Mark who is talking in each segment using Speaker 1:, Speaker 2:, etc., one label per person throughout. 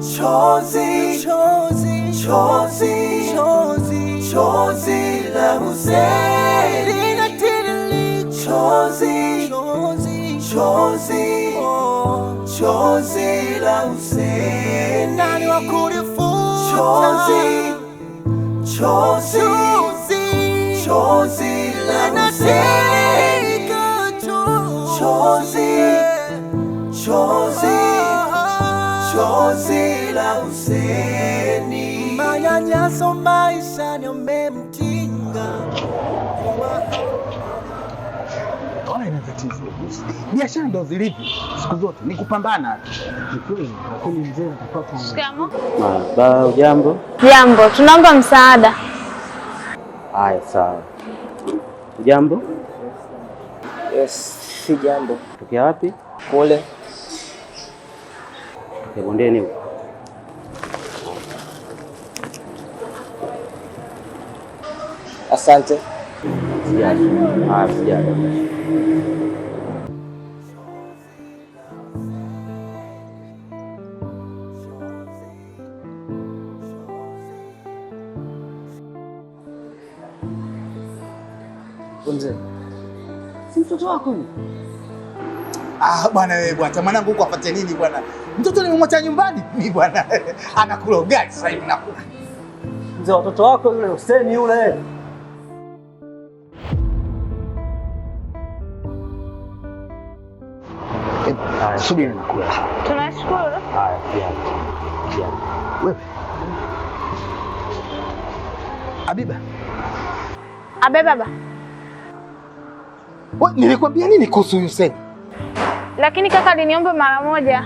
Speaker 1: chozi, chozi, chozi, chozi, chozi la Hussein linatiririka, chozi, chozi, chozi, chozi la Hussein, nani wa kulifuta? Chozi, chozi, chozi la Hussein, chozi Mola Huseni. Manyanyaso
Speaker 2: Biashara ndo zilivyo siku zote ni kupambana tu.
Speaker 3: Baba, ujambo?
Speaker 4: Jambo, tunaomba msaada.
Speaker 3: Haya, sawa. Ujambo?
Speaker 5: Yes, si jambo. Tokea wapi? Kule.
Speaker 3: Tokea huko.
Speaker 5: Asante. Si mtoto wako?
Speaker 2: Ah, bwana wewe bwana, mwanangu huko apate nini bwana? Mtoto nimemwacha nyumbani mimi bwana. Anakula ugali sasa hivi nakula.
Speaker 5: Mzee, watoto wako yule Hussein yule.
Speaker 3: Subiri nakula.
Speaker 4: Tunashukuru.
Speaker 3: Haya, pia. Pia.
Speaker 2: Wewe. Abiba. Abe baba. Wewe nilikwambia nini kuhusu Hussein?
Speaker 4: Lakini kaka aliniomba mara moja.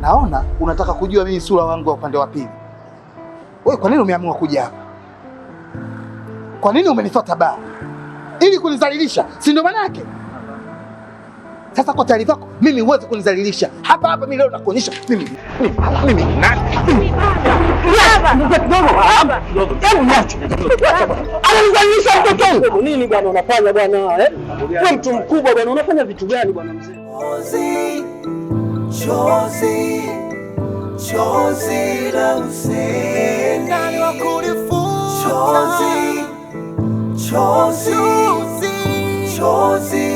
Speaker 2: Naona unataka kujua mimi sura wangu wa upande wa pili. Wewe kwa nini umeamua kuja hapa? Kwa nini umenifuata baa? Ili kunizalilisha, si ndio maana yake? Sasa kwa taarifa yako, mimi huwezi kunizalilisha hapa hapa. Mimi leo nakuonyesha mimi mimi ananizalilisha mtoto nini? Bwana unafanya bwana, eh? wewe mtu mkubwa bwana, unafanya vitu gani bwana mzee?
Speaker 1: Chozi chozi la useni, chozi chozi chozi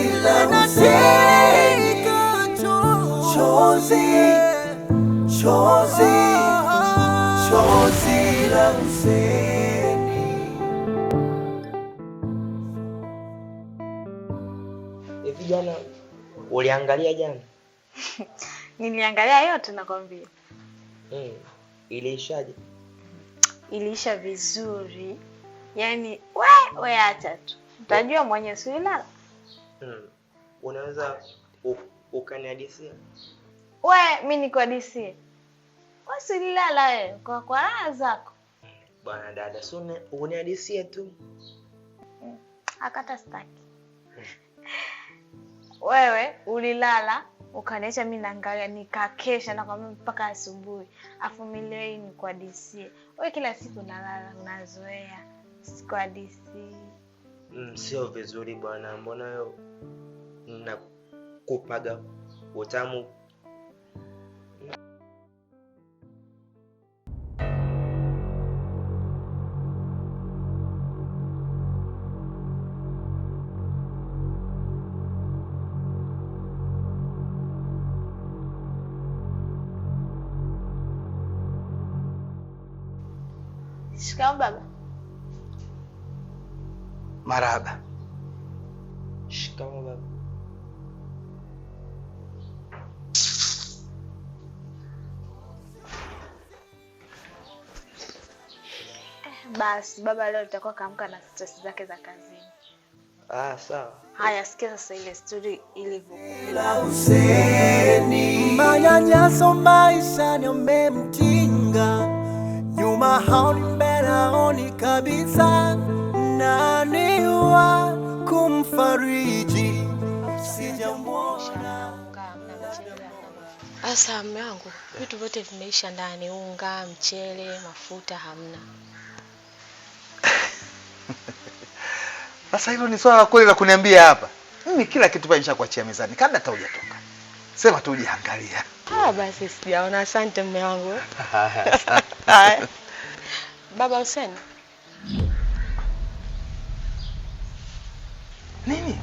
Speaker 1: chozi chozi chozi
Speaker 5: la uliangalia jana?
Speaker 4: Niliangalia yote nakwambia.
Speaker 5: Mm, iliishaje?
Speaker 4: Iliisha vizuri, yaani we we hata tu Utajua mwenye siulala.
Speaker 5: Hmm. Unaweza ukanihadithia?
Speaker 4: We, mi nikuhadithie? We siulala we, kwa kwa raha zako
Speaker 5: bwana. Dada, si unihadithie tu.
Speaker 4: Hmm. Akata staki. Wewe ulilala ukaniacha mi nangaa nikakesha nakwambia mpaka asubuhi, afu mimi leo nikuhadisie. Wewe kila siku nalala unazoea, sikuhadisii.
Speaker 5: Mm. sio vizuri bwana, mbona nakupaga utamu
Speaker 4: Shikamoo baba.
Speaker 5: Marahaba. Shikamoo baba.
Speaker 4: Basi baba leo tutakuwa kaamka na stress zake za kazini.
Speaker 5: Ah, sawa.
Speaker 4: Haya, sikia sasa ile story ilivyokuwa.
Speaker 1: manyanyaso maisha yamemtinga, nyuma haoni mbele haoni kabisa nani wa kumfariji sijamwona.
Speaker 4: Asa mume wangu, vitu vyote vimeisha ndani, unga, mchele, mafuta hamna.
Speaker 2: Sasa hilo ni swala la kweli la kuniambia hapa. Mimi kila kitu pale nishakuachia mezani kabla hata hujatoka. Sema tu ujiangalia.
Speaker 4: Ah, basi sijaona. Asante mume wangu. Baba Hussein.
Speaker 2: nini?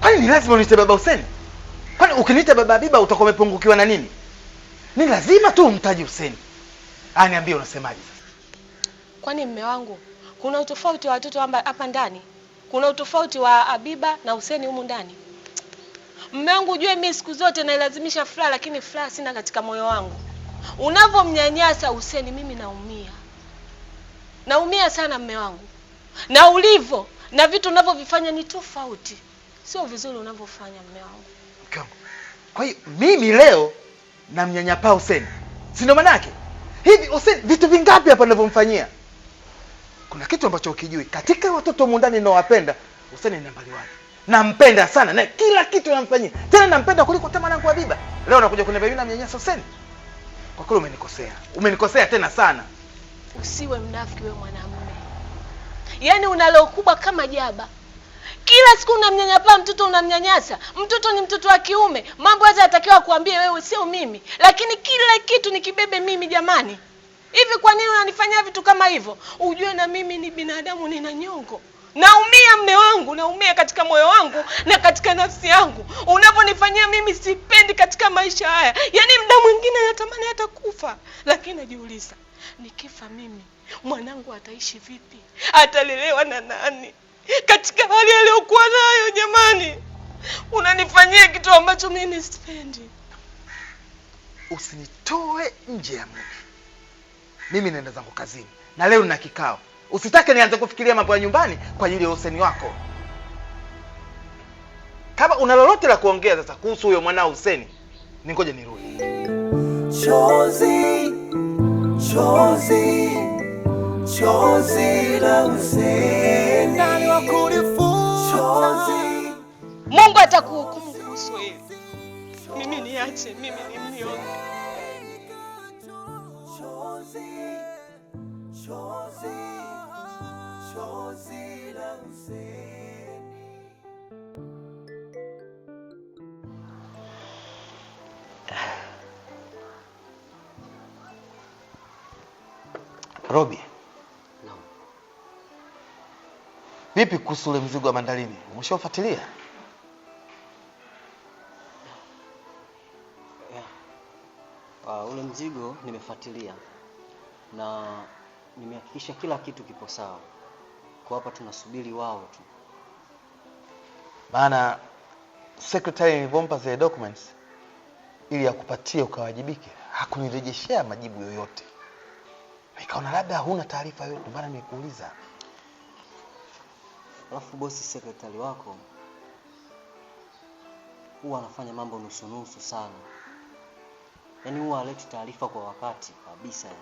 Speaker 2: Kwani ni lazima uniite baba Hussein? Kwani ukiniita baba Habiba utakuwa umepungukiwa na nini? Ni lazima tu umtaji Hussein. Ah, niambie unasemaje sasa?
Speaker 4: Kwani mme wangu, kuna utofauti wa watoto hapa ndani? Kuna utofauti wa Habiba na Hussein humu ndani? Mme wangu, ujue mimi siku zote nailazimisha furaha, lakini furaha sina katika moyo wangu. Unavyomnyanyasa Hussein, mimi naumia, naumia sana mme wangu, na ulivyo na vitu unavyovifanya ni tofauti, sio vizuri unavyofanya mume wangu.
Speaker 2: kwa hiyo mimi leo namnyanyapaa Hussein, si ndio? Maanake hivi Hussein vitu vingapi hapa ninavyomfanyia? Kuna kitu ambacho ukijui, katika watoto mundani ninaowapenda Hussein ni nambari wani, nampenda sana na kila kitu namfanyia, tena nampenda kuliko hata mwanangu Habiba. Leo nakuja kuniambia mimi namnyanyasa Hussein? Kwa kweli umenikosea, umenikosea tena sana.
Speaker 4: Usiwe mnafiki wewe mwanangu yaani unalo kubwa kama jaba. Kila siku unamnyanyapaa mtoto, unamnyanyasa mtoto. Ni mtoto wa kiume, mambo yote atakiwa kuambia wewe, sio mimi. Lakini kila kitu nikibebe mimi, jamani. Hivi kwa nini unanifanyia vitu kama hivyo? Ujue na mimi ni binadamu, nina nyongo. Naumia mme wangu, naumia katika moyo wangu na katika nafsi yangu. unavyonifanyia mimi sipendi katika maisha haya. Yaani mda mwingine anatamani hata kufa, lakini najiuliza nikifa mimi mwanangu ataishi vipi? Atalelewa na nani katika hali aliyokuwa nayo? Jamani, unanifanyia kitu ambacho mimi sipendi.
Speaker 2: Usinitoe nje ya muda, mimi naenda zangu kazini na leo nina kikao. Usitake nianze kufikiria mambo ya nyumbani kwa ajili ya useni wako. Kama una lolote la kuongea sasa kuhusu huyo mwanao useni ningoje nirudi.
Speaker 1: Chozi, chozi chozi la uzee
Speaker 4: Mungu atakuhukumu kuhusu wewe. Mimi niache, mimi ni mnyonge.
Speaker 1: Chozi, chozi,
Speaker 2: Vipi kuhusu ule mzigo wa mandarini umeshafuatilia?
Speaker 6: Yeah. Uh, ule mzigo nimefuatilia na nimehakikisha kila kitu kipo sawa. Kwa hapa tunasubiri wao tu,
Speaker 2: maana sekretari nilivyompa zile documents ili akupatie ukawajibike, hakunirejeshea majibu yoyote, nikaona labda huna taarifa yoyote, maana nimekuuliza.
Speaker 6: Alafu bosi sekretari wako huwa anafanya mambo nusunusu sana, yaani huwa aleti taarifa kwa wakati kabisa yani.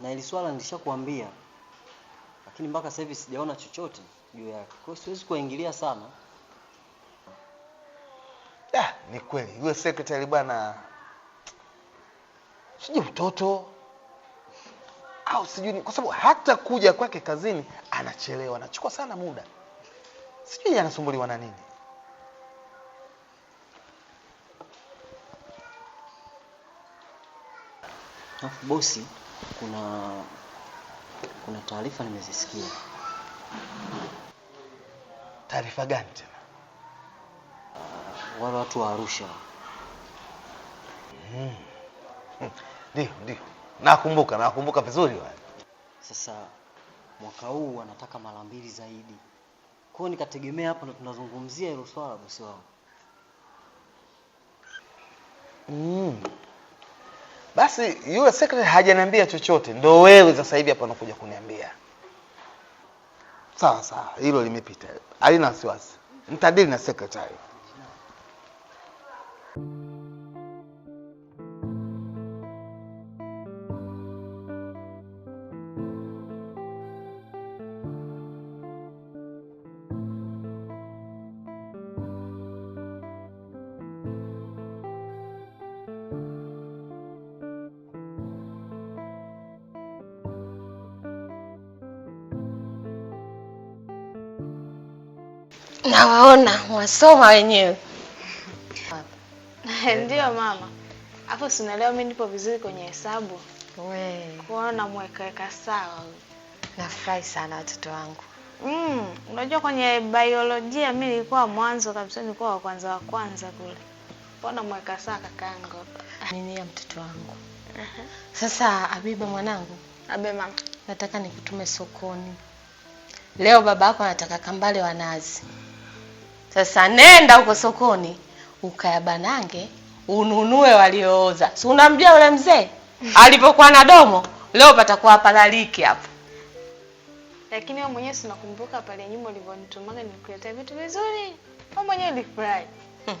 Speaker 6: Na ili swala nilishakuambia, lakini mpaka sasa hivi sijaona chochote juu yake, kwa hiyo siwezi kuingilia sana.
Speaker 2: Da, ah, ni kweli yule sekretari bwana, sijui mtoto au sijui, kwa sababu hata kuja kwake kazini anachelewa, anachukua sana muda, sijui anasumbuliwa na nini.
Speaker 6: Afu bosi, kuna kuna taarifa nimezisikia.
Speaker 2: Taarifa gani tena?
Speaker 6: Uh, wale watu wa Arusha.
Speaker 2: Hmm. Ndio, hmm. Ndio nakumbuka, nakumbuka vizuri wale.
Speaker 6: Sasa mwaka huu wanataka mara mbili zaidi. Kwa hiyo nikategemea hapa ndo tunazungumzia hilo swala bosi wangu.
Speaker 2: Mm. Basi yule secretary hajaniambia chochote, ndo wewe sasa hivi hapa unakuja kuniambia. Sawa sawa, hilo limepita, halina wasiwasi, nitadili na secretary.
Speaker 4: Nawaona wasoma wenyewe. Ndio mama, hapo si unaelewa, mimi nipo vizuri kwenye hesabu kuona mwekaweka sawa.
Speaker 7: Nafurahi sana watoto wangu.
Speaker 4: Mm, unajua kwenye biolojia mimi nilikuwa mwanzo kabisa, nilikuwa wa kwanza wa kwanza kule. Mbona mweka saa kakaangu?
Speaker 7: Nini ya mtoto wangu. Sasa Abiba mwanangu. Abe mama. Nataka nikutume sokoni. Leo baba yako anataka kambale wa nazi. Sasa nenda huko sokoni ukayabanange ununue waliooza. Si unamjua yule mzee alipokuwa na domo, leo patakuwa palaliki hapo.
Speaker 4: Lakini wewe mwenyewe si unakumbuka pale nyuma ulivyonitumaga nikuletea vitu vizuri, wewe mwenyewe ulifurahi. Hmm.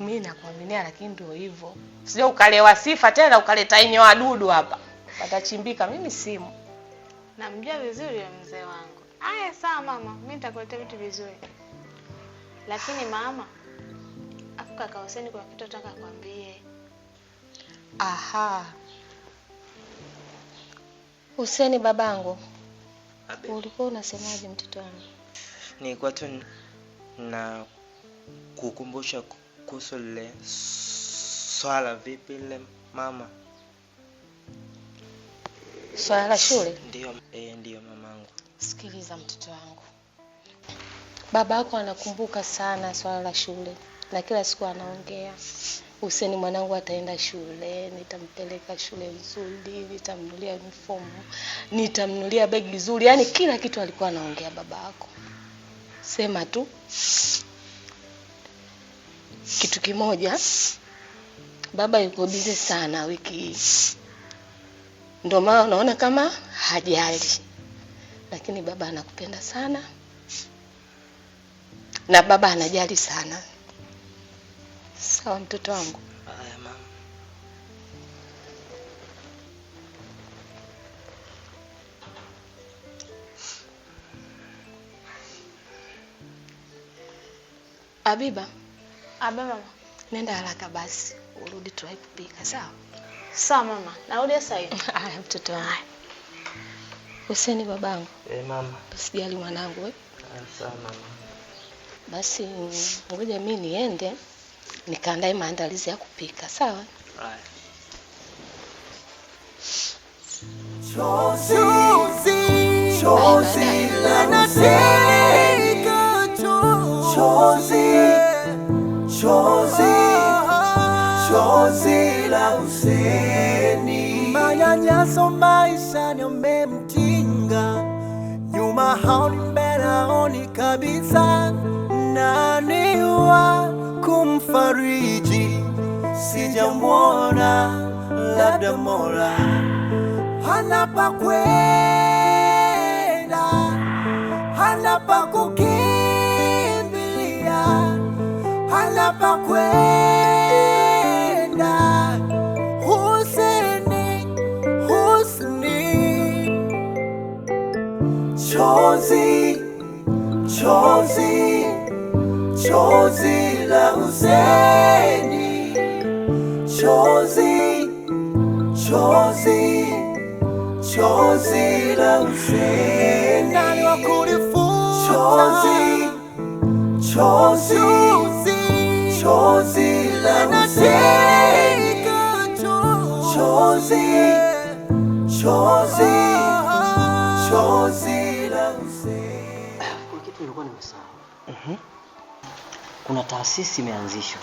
Speaker 7: Mimi nakuaminia, lakini ndio hivyo, Sio ukalewa sifa tena ukaleta inyo wadudu hapa, patachimbika. Mimi simu
Speaker 4: namjua vizuri ya mzee wangu. Aya, sawa mama, mimi nitakuletea vitu vizuri. Lakini mama, afu kaka Huseni kuna kitu nataka kwambie.
Speaker 7: Aha. Huseni babangu.
Speaker 5: Abe. Ulikuwa
Speaker 7: unasemaje mtoto wangu?
Speaker 5: Nilikuwa tu na kukumbusha kuhusu lile swala. Vipi lile mama?
Speaker 7: Swala la shule?
Speaker 5: Ndio, e, eh, ndio mamangu.
Speaker 7: Sikiliza mtoto wangu baba yako anakumbuka sana swala la shule na kila siku anaongea, useni mwanangu ataenda shule, nitampeleka shule nzuri, nitamnulia uniform, nitamnulia begi zuri. Yaani kila kitu alikuwa anaongea baba yako. Sema tu kitu kimoja, baba yuko bize sana wiki hii, ndio maana unaona kama hajali, lakini baba anakupenda sana na baba anajali sana. Sawa mtoto wangu. Haya mama. Abiba. mama. Nenda haraka basi, urudi tuwahi kupika, sawa?
Speaker 4: Sawa mama, narudi sasa hivi.
Speaker 7: Haya mtoto wangu. Huseni babangu. Eh, mama. Usijali mwanangu. Sawa mama. Basi ngoja mi niende nikaandae maandalizi ya kupika. Sawa?
Speaker 5: Right.
Speaker 1: Chozi, Manyanyaso maishani yamemtinga nyuma, haoni mbele, haoni kabisa nani wa kumfariji? Sijamwona, labda Mola hana pa kwenda, hana pa kukimbilia, hana pa kwenda. Husni, husni, chozi chozi chozi la Hussein, chozi chozi chozi la Hussein, nani chozi chozi chozi la Hussein, chozi chozi chozi la Hussein.
Speaker 6: Kuna kitu nilikuwa nimesahau kuna taasisi imeanzishwa.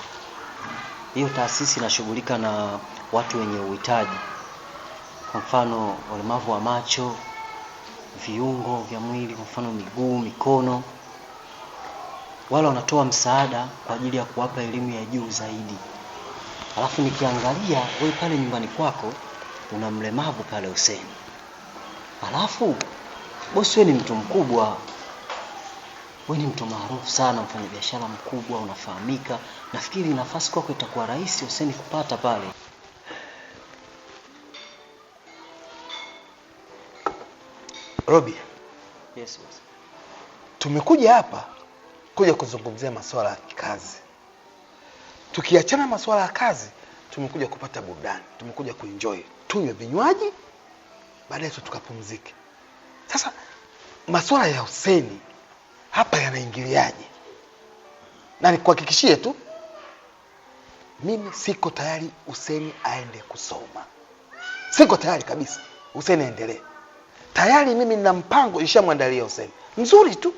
Speaker 6: Hiyo taasisi inashughulika na watu wenye uhitaji, kwa mfano ulemavu wa macho, viungo vya mwili, kwa mfano miguu, mikono. Wale wanatoa msaada kwa ajili ya kuwapa elimu ya juu zaidi. Alafu nikiangalia wewe pale nyumbani kwako una mlemavu pale useni, alafu bosi, wewe ni mtu mkubwa wewe ni mtu maarufu sana, mfanya biashara mkubwa, unafahamika. Nafikiri nafasi kwako itakuwa rahisi useni kupata pale. Robi, yes, boss.
Speaker 2: Tumekuja hapa kuja kuzungumzia masuala ya kazi. Tukiachana masuala ya kazi, tumekuja kupata burudani, tumekuja kuenjoy, tunywe vinywaji, baadaye tu tukapumzike. Sasa masuala ya useni hapa yanaingiliaje? Na nikuhakikishie tu, mimi siko tayari Huseni aende kusoma, siko tayari kabisa Huseni aendelee. Tayari mimi nina mpango ishamwandalia Huseni mzuri tu,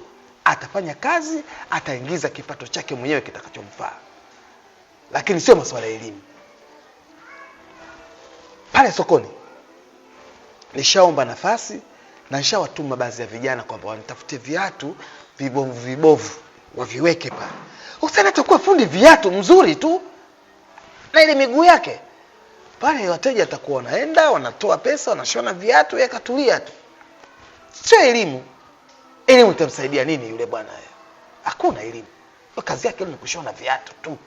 Speaker 2: atafanya kazi, ataingiza kipato chake mwenyewe kitakachomfaa, lakini sio masuala ya elimu. Pale sokoni nishaomba nafasi na nishawatuma baadhi ya vijana kwamba wanitafutie viatu vibovu vibovu waviweke pale. Hussein atakuwa fundi viatu mzuri tu na ile miguu yake pale, wateja atakuwa wanaenda wanatoa pesa wanashona viatu, yeye katulia tu. Sio elimu. Elimu itamsaidia nini yule bwana? Hakuna elimu, kazi yake ni kushona viatu tu.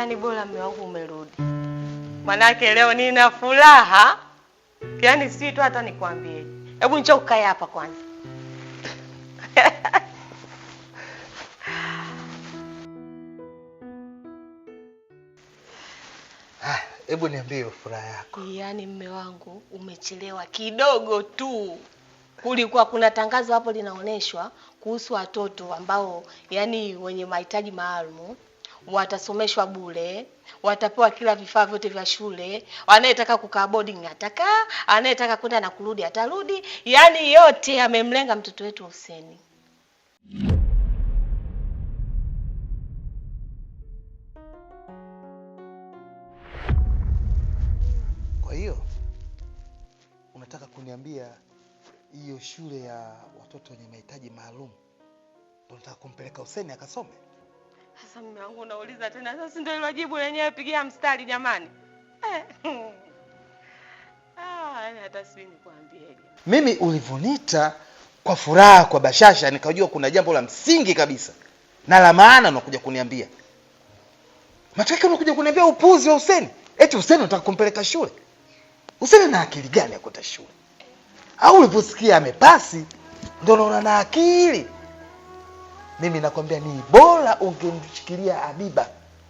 Speaker 4: yaani bora mume wangu umerudi, manake leo nina furaha yani si tu hata nikwambie. Hebu njoo ukae hapa kwanza.
Speaker 2: Ah, hebu niambie furaha yako.
Speaker 4: Yaani mme wangu umechelewa kidogo tu, kulikuwa kuna tangazo hapo linaonyeshwa kuhusu watoto ambao, yani wenye mahitaji maalum watasomeshwa bure, watapewa kila vifaa vyote vya shule. Anayetaka kukaa boarding atakaa, anayetaka kwenda na kurudi atarudi. Yaani yote amemlenga mtoto wetu Huseni.
Speaker 2: Kwa hiyo unataka kuniambia hiyo shule ya watoto wenye mahitaji maalum unataka kumpeleka Huseni akasome?
Speaker 4: Sasa mume wangu unauliza tena, sasa ndio hilo jibu lenyewe, pigia mstari jamani. Eh. Ah, yaani hata sijui nikwambieje.
Speaker 2: Mimi ulivyoniita kwa furaha, kwa bashasha, nikajua kuna jambo la msingi kabisa na la maana unakuja kuniambia. Mataka unakuja kuniambia upuzi wa Huseni. Eti Huseni unataka kumpeleka shule? Huseni na akili gani ya kwenda shule? Au uliposikia amepasi ndio unaona na akili mimi nakwambia ni bora ungemshikilia abiba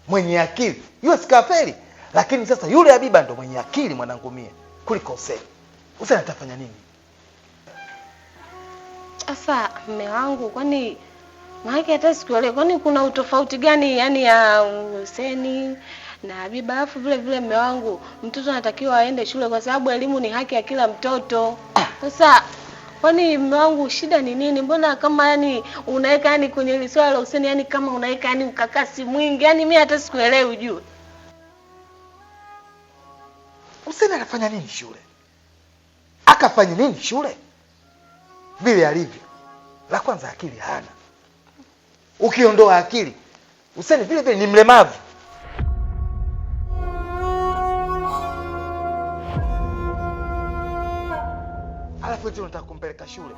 Speaker 2: mwenye akili, yule sikafeli. Lakini sasa yule abiba ndo mwenye akili mwanangu mie kuliko Hussein. Hussein atafanya nini?
Speaker 4: Sasa mme wangu, kwani maana hata ile, kwani kuna utofauti gani yani ya Hussein na abiba Alafu vile vile mme wangu, mtoto anatakiwa aende shule kwa sababu elimu ni haki ya kila mtoto. Ah. Sasa kwani mume wangu shida ni nini? Mbona kama yani unaweka yani kwenye swala la useni yani kama unaweka yani ukakasi mwingi yani, mimi hata sikuelewi. Ujue
Speaker 2: useni anafanya nini shule, akafanya nini shule vile alivyo. La kwanza akili hana, ukiondoa akili useni vile vile ni mlemavu. alafu eti unataka kumpeleka shule.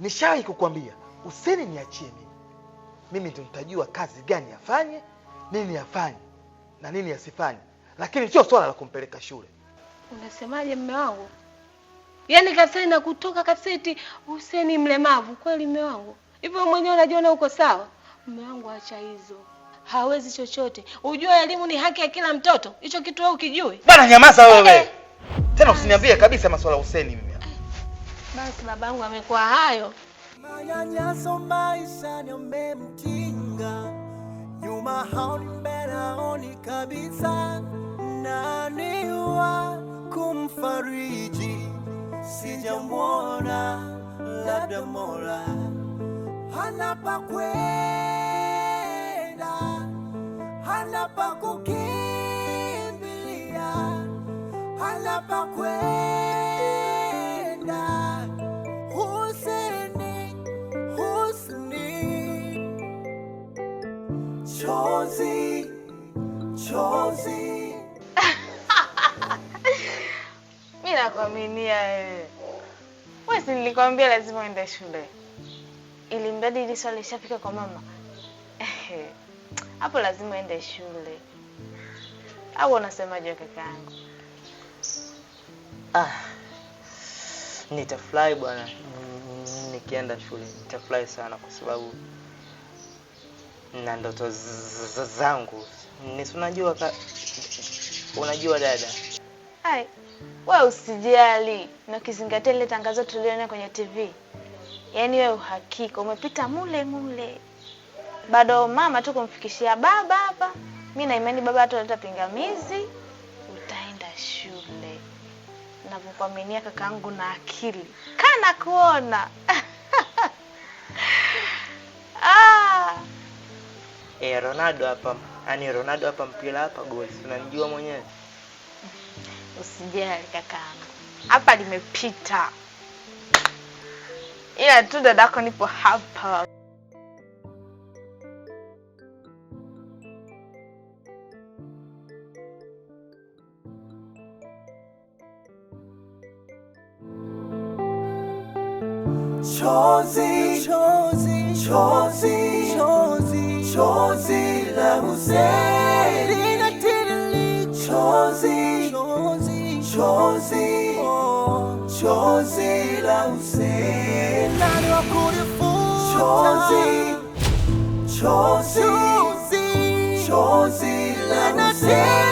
Speaker 2: Nishawahi kukwambia usini niachie mimi, mimi ndio nitajua kazi gani afanye, nini afanye na nini asifanye, lakini sio swala la kumpeleka shule.
Speaker 4: Unasemaje mme wangu? Yaani kabisa inakutoka kabisa eti useni mlemavu kweli? Mme wangu, hivyo mwenyewe unajiona uko sawa? Mme wangu, acha hizo hawezi chochote. Ujue elimu ni haki ya kila mtoto, hicho kitu wewe ukijui
Speaker 2: bana. Nyamaza wewe eh, tena usiniambie kabisa masuala ya Huseni mimi.
Speaker 4: Basi babangu amekuwa hayo.
Speaker 1: Manyanyaso maisha yamemtinga. Nyuma haoni mbele haoni kabisa. Nani wa kumfariji? Sijamwona labda Mola. Hana pa kwenda. kwenda husni, husni, chozi, chozi.
Speaker 4: Mimi nakuaminia wewe. Wewe si nilikwambia lazima uende shule, ili mradi ili swali lishafika kwa mama hapo lazima uende shule, au unasemaje kaka yangu?
Speaker 6: Ah, nitafurahi bwana, nikienda shule nitafurahi sana, kwa sababu na ndoto zangu nisi, unajua ka... unajua dada.
Speaker 4: Hai, wewe usijali na ukizingatia ile tangazo tuliona kwenye TV, yaani wewe uhakika umepita mule mule, bado mama tu kumfikishia baba hapa. Mimi na imani baba ataleta pingamizi, utaenda shule navyokuaminia kakaangu na akili kana kuona ah.
Speaker 6: E, Ronaldo hapa yani, Ronaldo hapa mpira hapa goli, unanijua mwenyewe.
Speaker 4: Usijali kakaangu, hapa limepita, ila tu dadako nipo hapa.
Speaker 1: chozi, chozi, chozi, chozi, chozi la Hussein linatiririka, oh. chozi, chozi, chozi, chozi la Hussein, nani wa kulifuta, chozi, chozi, chozi la Hussein